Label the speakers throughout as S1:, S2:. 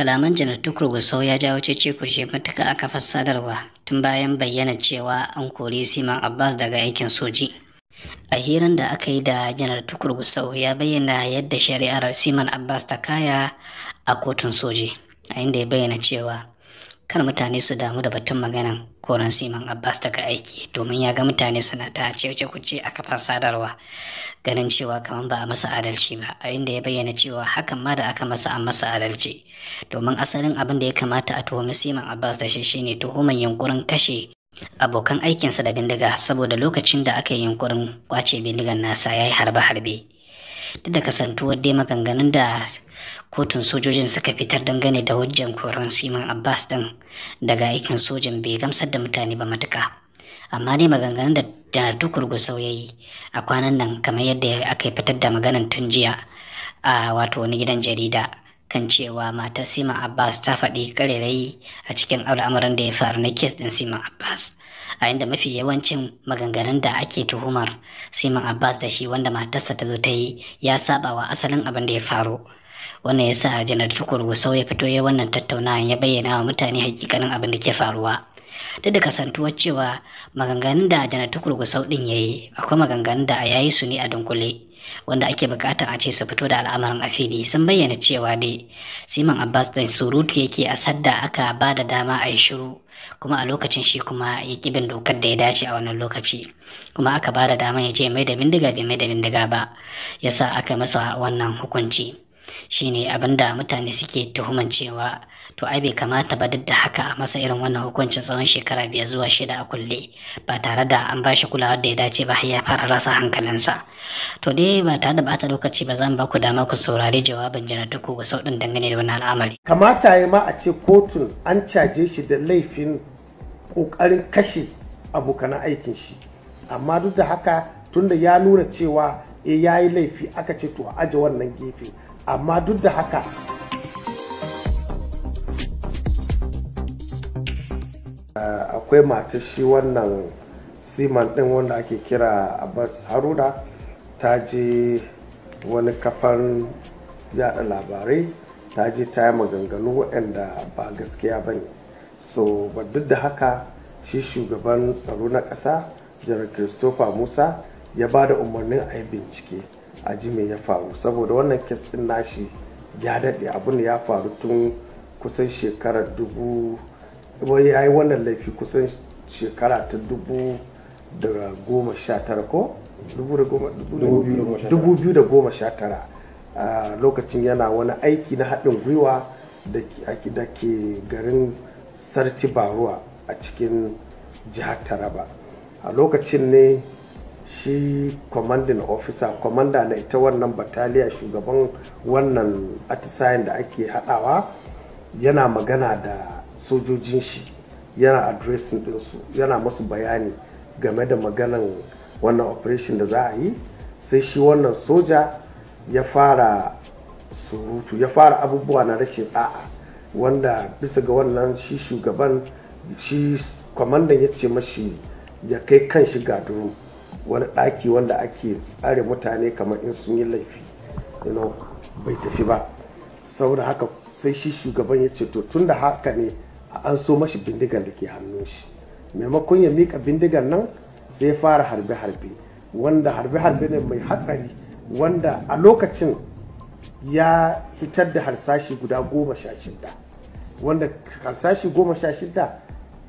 S1: Kalaman janar tukur gusau ya jawo cece kushe matuka aka kafar tun bayan bayyana cewa an kori Siman Abbas daga aikin soji. A hirar da aka yi da janar tukur gusau ya bayyana yadda shari'ar Siman Abbas ta kaya a kotun soji, a inda ya bayyana cewa kar mutane su damu da batun maganan koran siman abbas daga aiki domin ya ga mutane suna ta cece kuce a kafan sadarwa ganin cewa kamar ba a masa adalci ba a inda ya bayyana cewa hakan ma da aka masa an masa adalci domin asalin abin da ya kamata a tuhumi siman abbas da shi shine tuhuman yunkurin kashe abokan aikinsa da bindiga saboda lokacin da aka yi yunkurin kwace bindigan nasa ya yi harbe-harbe duk da kasantuwar dai maganganun da kotun sojojin suka fitar dangane da hujjan koron siman abbas din daga aikin sojan bai gamsar da mutane ba matuka amma dai maganganun da janar tukur gusau ya yi a kwanan nan kamar yadda aka fitar da maganan tun jiya a wato wani gidan jarida kan cewa matar simon Abbas ta faɗi ƙarerayi a cikin al'amuran da ya faru na kes ɗin siman Abbas. A inda mafi yawancin maganganun da ake tuhumar simon Abbas da shi wanda matarsa ta zo ta yi ya saba wa asalin abin da ya faru. wannan ya sa janar tukur gusau ya fito ya wannan tattaunawa ya bayyana wa mutane hakikanin abin da ke faruwa duk da kasantuwar cewa maganganun da janar tukur sau din ya yi akwai maganganun da a yayi su ne a dunkule wanda ake bukatar a ce su fito da al'amarin a sun bayyana cewa dai siman abbas din surutu yake a sadda aka ba da dama a yi shiru kuma a lokacin shi kuma ya kibin dokar da ya dace a wannan lokaci kuma aka ba da dama ya je mai da bindiga bai mai da bindiga ba yasa aka masa wannan hukunci shine abin da mutane suke tuhuman cewa to ai bai kamata ba duk da haka a masa irin wannan hukuncin tsawon shekara biyar zuwa shida a kulle ba tare da an bashi kulawar da ya dace ba ya fara rasa hankalinsa to dai ba tare da bata lokaci ba zan ba ku dama ku saurari jawabin janar duku ga sauɗin dangane da wani al'amari
S2: kamata ya ma a ce kotun an caje shi da laifin ƙoƙarin kashe abokan aikin shi amma duk da haka tunda ya nuna cewa e ya yi laifi aka ce to a aje wannan gefe amma duk da haka eh, akwai matar shi wannan siman din wanda ake kira abbas haruna ta je wani kafan yada labarai ta je ta yi maganganu waɗanda ba gaskiya ba ne so ba duk da haka shi shugaban tsaro na ƙasa janar christopher musa ya ba da umarnin a yi bincike a ji me ya faru saboda wannan kes din nashi ya daɗe abin ya faru tun kusan shekarar dubu ya yi wannan laifi kusan shekara ta dubu da goma sha tara ko dubu biyu da goma sha tara lokacin yana wani aiki na haɗin gwiwa da ke garin sarti baruwa a cikin jihar taraba a lokacin ne shi commanding officer commander na ita wannan bataliya shugaban wannan atisayen da ake hadawa yana magana da sojojin shi yana addressing ɗinsu yana masu bayani game da maganan wannan operation da za a yi sai shi wannan soja ya fara surutu ya fara abubuwa na rashin da'a wanda bisa ga wannan shi shugaban shi kwamandan ya ce mashi ya kai kan shi gaduru wani ɗaki wanda ake tsare mutane kamar in sun yi laifi bai tafi ba saboda haka sai shi shugaban ya ce to tun da haka ne a an so mashi bindigan da ke hannun shi maimakon ya mika bindigan nan sai ya fara harbe-harbe wanda harbe-harbe ne mai hatsari wanda a lokacin ya fitar da harsashi guda goma sha shida wanda harsashi goma sha shida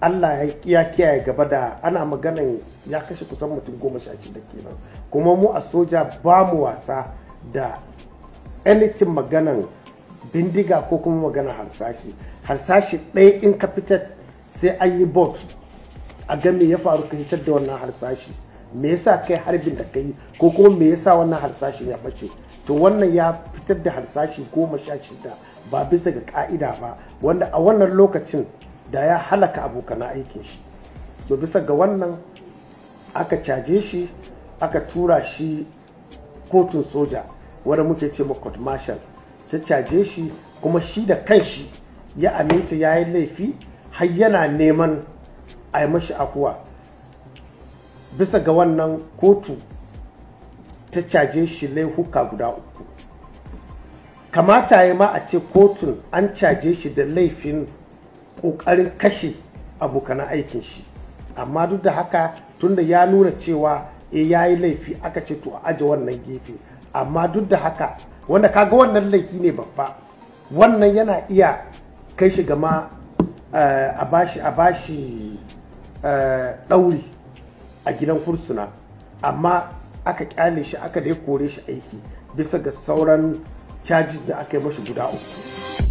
S2: Allah ya kiyaye gaba da ana maganin ya kashe kusan mutum goma sha shida kenan kuma mu a soja ba mu wasa da anything maganan bindiga ko kuma maganan harsashi harsashi ɗaya in ka fitar sai an yi bot a game ya faru ka hitar da wannan harsashi me yasa kai harbin da kai ko kuma me yasa wannan harsashi ya bace to wannan ya fitar da harsashi goma sha shida ba bisa ga ka'ida ba wanda a wannan lokacin da ya halaka abokan aikin shi so bisa ga wannan aka caje shi aka tura shi kotun soja wadda muke ce court marshal ta caje shi kuma shi da kanshi ya aminta ya yi laifi har yana neman a yi mashi akuwa bisa ga wannan kotu ta caje shi laifuka guda uku kamata ya ma a ce kotun an caje shi da laifin ƙoƙarin kashe abokanan aikin shi amma duk da haka tunda ya nuna cewa e eh, ya yi laifi aka ce to a aje wannan gefe amma duk da haka wanda kaga wannan laifi ne babba wannan yana iya kai shi gama eh, a bashi a bashi eh, ɗauri a gidan kursuna amma aka kyale shi aka dai kore shi aiki bisa ga sauran cajin da aka yi mashi guda uku.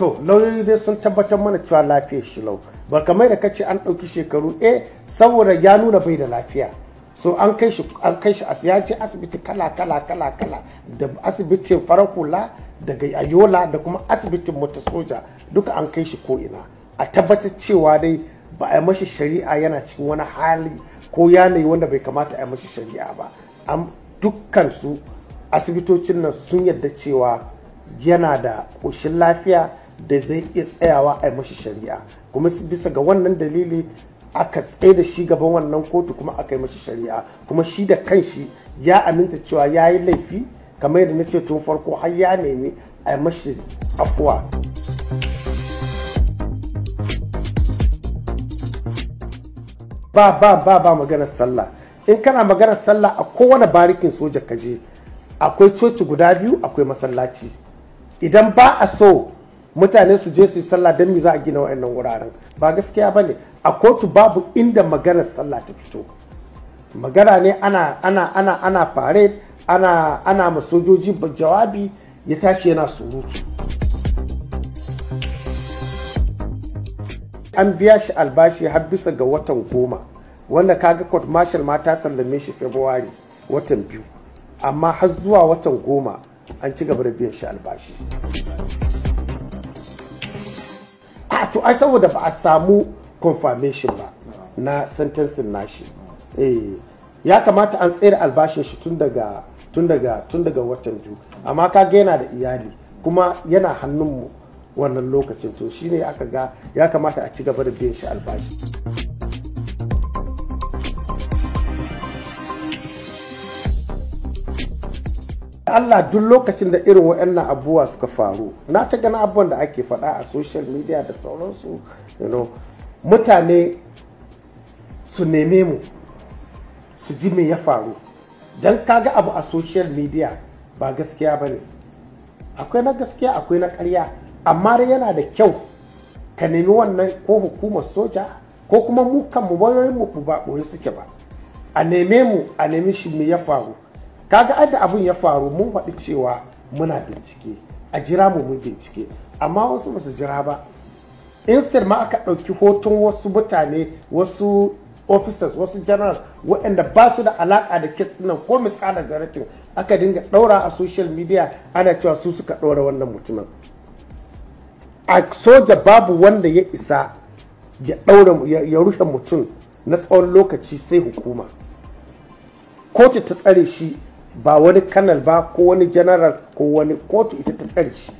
S2: to lauyoyi dai sun tabbatar mana cewa lafiyar shi lau ba kamar da kace an ɗauki shekaru eh saboda ya nuna bai da lafiya so an kai shi an kai shi asibiti kala kala kala kala da asibitin farakula daga ayola da kuma asibitin mota soja duka an kai shi ko ina a tabbatar cewa dai ba a yi mashi shari'a yana cikin wani hali ko yanayi wanda bai kamata a yi mashi shari'a ba dukkan su asibitocin nan sun yadda cewa yana da ƙoshin lafiya da zai iya tsayawa a mashi shari'a kuma bisa ga wannan dalili aka tsaye da shi gaban wannan kotu kuma aka yi mashi shari'a kuma shi da kanshi ya aminta cewa ya yi laifi kamar yadda na ce tun farko har ya nemi a mashi afuwa ba ba ba ba maganar sallah in kana maganar sallah a kowane barikin soja kaje akwai coci guda biyu akwai masallaci idan ba a so mutane su je su yi sallah don me za a gina wa'annan wuraren ba gaskiya ba ne a kotu babu inda maganar sallah ta fito magana ne ana ana ana ana parade ma sojoji jawabi ya tashi yana surutu an biya shi albashi har bisa ga watan goma wanda kaga court marshal ma ta sallame shi february watan biyu amma har zuwa watan goma an ci gaba da biyan shi albashi a ah, to ai saboda ba a samu confirmation ba na sentencing nashi eh ya kamata an tsayar albashin shi tun daga tun daga tun daga watan biyu amma ka ga yana da iyali kuma yana hannunmu wannan lokacin to shine aka ga ya kamata a ci gaba da biyan shi albashi Allah duk lokacin da irin waɗannan abubuwa suka faru na ta gani abubuwan da ake faɗa a social media da sauransu you mutane su neme mu su ji me ya faru don kaga abu a social media ba gaskiya ba ne akwai na gaskiya akwai na karya amma yana da kyau ka nemi wannan ko hukumar soja ko kuma mu kanmu mu ba ɓoye suke ba a neme mu a nemi shi me ya faru kaga adda abin ya faru mun faɗi cewa muna bincike a jira mu mun bincike amma wasu ba jira ba insir ma aka ɗauki hoton wasu mutane wasu officers wasu generals waɗanda ba su da alaƙa da kes ɗinnan ko misalar zaratin aka dinga ɗaura a social media ana cewa su suka ɗaura wannan mutumin a soja babu wanda ya isa ya ɗaura ya rufe mutum na tsawon lokaci sai hukuma kotu ta tsare shi ba wani kanal ba ko wani general ko wani kotu ita ta tsari shi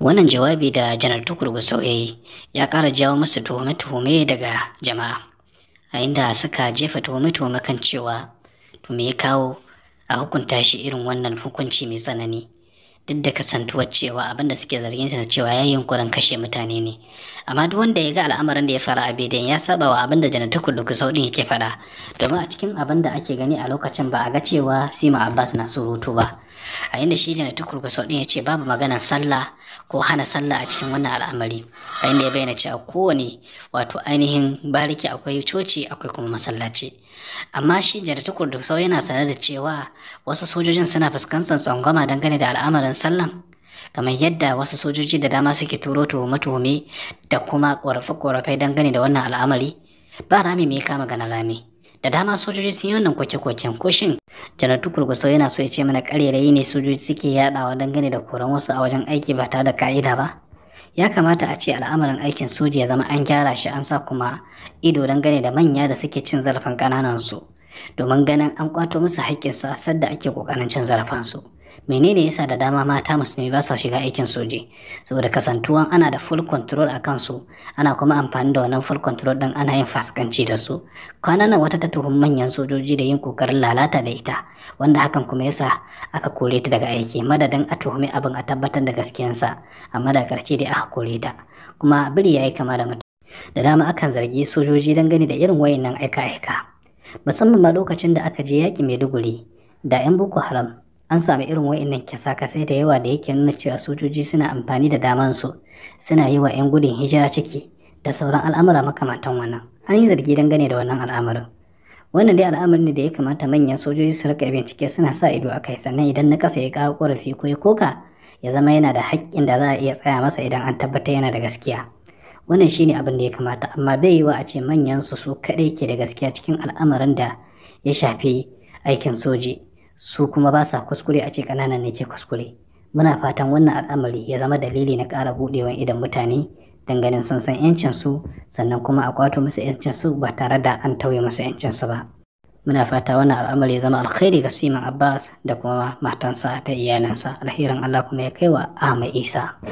S1: wannan jawabi da janar tukur gusau ya yi ya ƙara jawo masu tuhume-tuhume daga jama'a a inda suka jefa tuhume-tuhume kan cewa to ya kawo a hukunta shi irin wannan hukunci mai tsanani duk da kasantuwar cewa abin da suke zargin sa cewa ya yunkurin kashe mutane ne amma duk wanda ya ga al'amarin da ya faru a bidiyon ya saba wa abin da janatu kuduku saudin yake faɗa domin a cikin abin da ake gani a lokacin ba a ga cewa sima abbas na surutu ba a inda shi janar tukurkuso ɗin ya ce babu maganan sallah ko hana sallah a cikin wannan al'amari a inda ya bayyana cewa kowane wato ainihin bariki akwai coci akwai kuma masallaci amma shi janar sau yana sanar da cewa wasu sojojin suna fuskantar tsangwama dangane da al'amarin sallan kamar yadda wasu sojoji da dama suke turo tuhume-tuhume da kuma ƙorafe-ƙorafe dangane da wannan al'amari ba rami mai kama ganin rami da dama sojoji sun yi wannan kwace-kwacen ko shin janar tukurguso yana so ya ce mana karerayi ne sojoji suke yadawa dangane da koran wasu a wajen aiki ba tare da ka'ida ba ya kamata a ce al'amarin aikin soji ya zama an gyara shi an sa kuma ido dangane da manya da suke cin zarafin kananan su domin ganin an kwato musu haƙƙinsu a sadda ake ƙoƙarin cin zarafin su menene yasa da dama mata musulmi ba sa shiga aikin soji saboda kasantuwan ana da full control a kansu ana kuma amfani da wannan full control din ana yin faskanci da su kwanan nan wata ta tuhum manyan sojoji da yin kokarin lalata da ita wanda hakan kuma yasa aka kore ta daga aiki madadin a tuhumi abin a tabbatar da gaskiyansa amma da karshe dai aka kore ta kuma biri ya yi kama da mutum da dama akan zargi sojoji dangane da irin wayannan aika-aika musamman ma lokacin da aka je yaƙi maiduguri da 'yan boko haram an sami irin wa'annan kyasa-kasai da yawa da yake nuna cewa sojoji suna amfani da su suna yi wa 'yan gudun hijira ciki da sauran al'amura makamatan wannan an yi zargi dangane da wannan al'amarin wannan dai al'amarin ne da ya kamata manyan sojoji su rika bincike suna sa ido akai sannan idan na kasa ya kawo korafi ko ya koka ya zama yana da haƙƙin da za a iya tsaya masa idan an tabbata yana da gaskiya wannan shine abin da ya kamata amma bai yiwa a ce manyan su su kaɗai ke da gaskiya cikin al'amarin da ya shafi aikin soji su kuma ba sa kuskure a ce ƙananan ne ke kuskure muna fatan wannan al'amari ya zama dalili na ƙara buɗewan idan mutane danganin sun san yancin su sannan kuma a kwato musu 'yancinsu ba tare da an tauye musu 'yancinsu ba muna fata wannan al'amari ya zama alkhairi ga Siman Abbas da kuma matansa da iyalansa alherin Allah kuma ya kai wa Ahmad Isa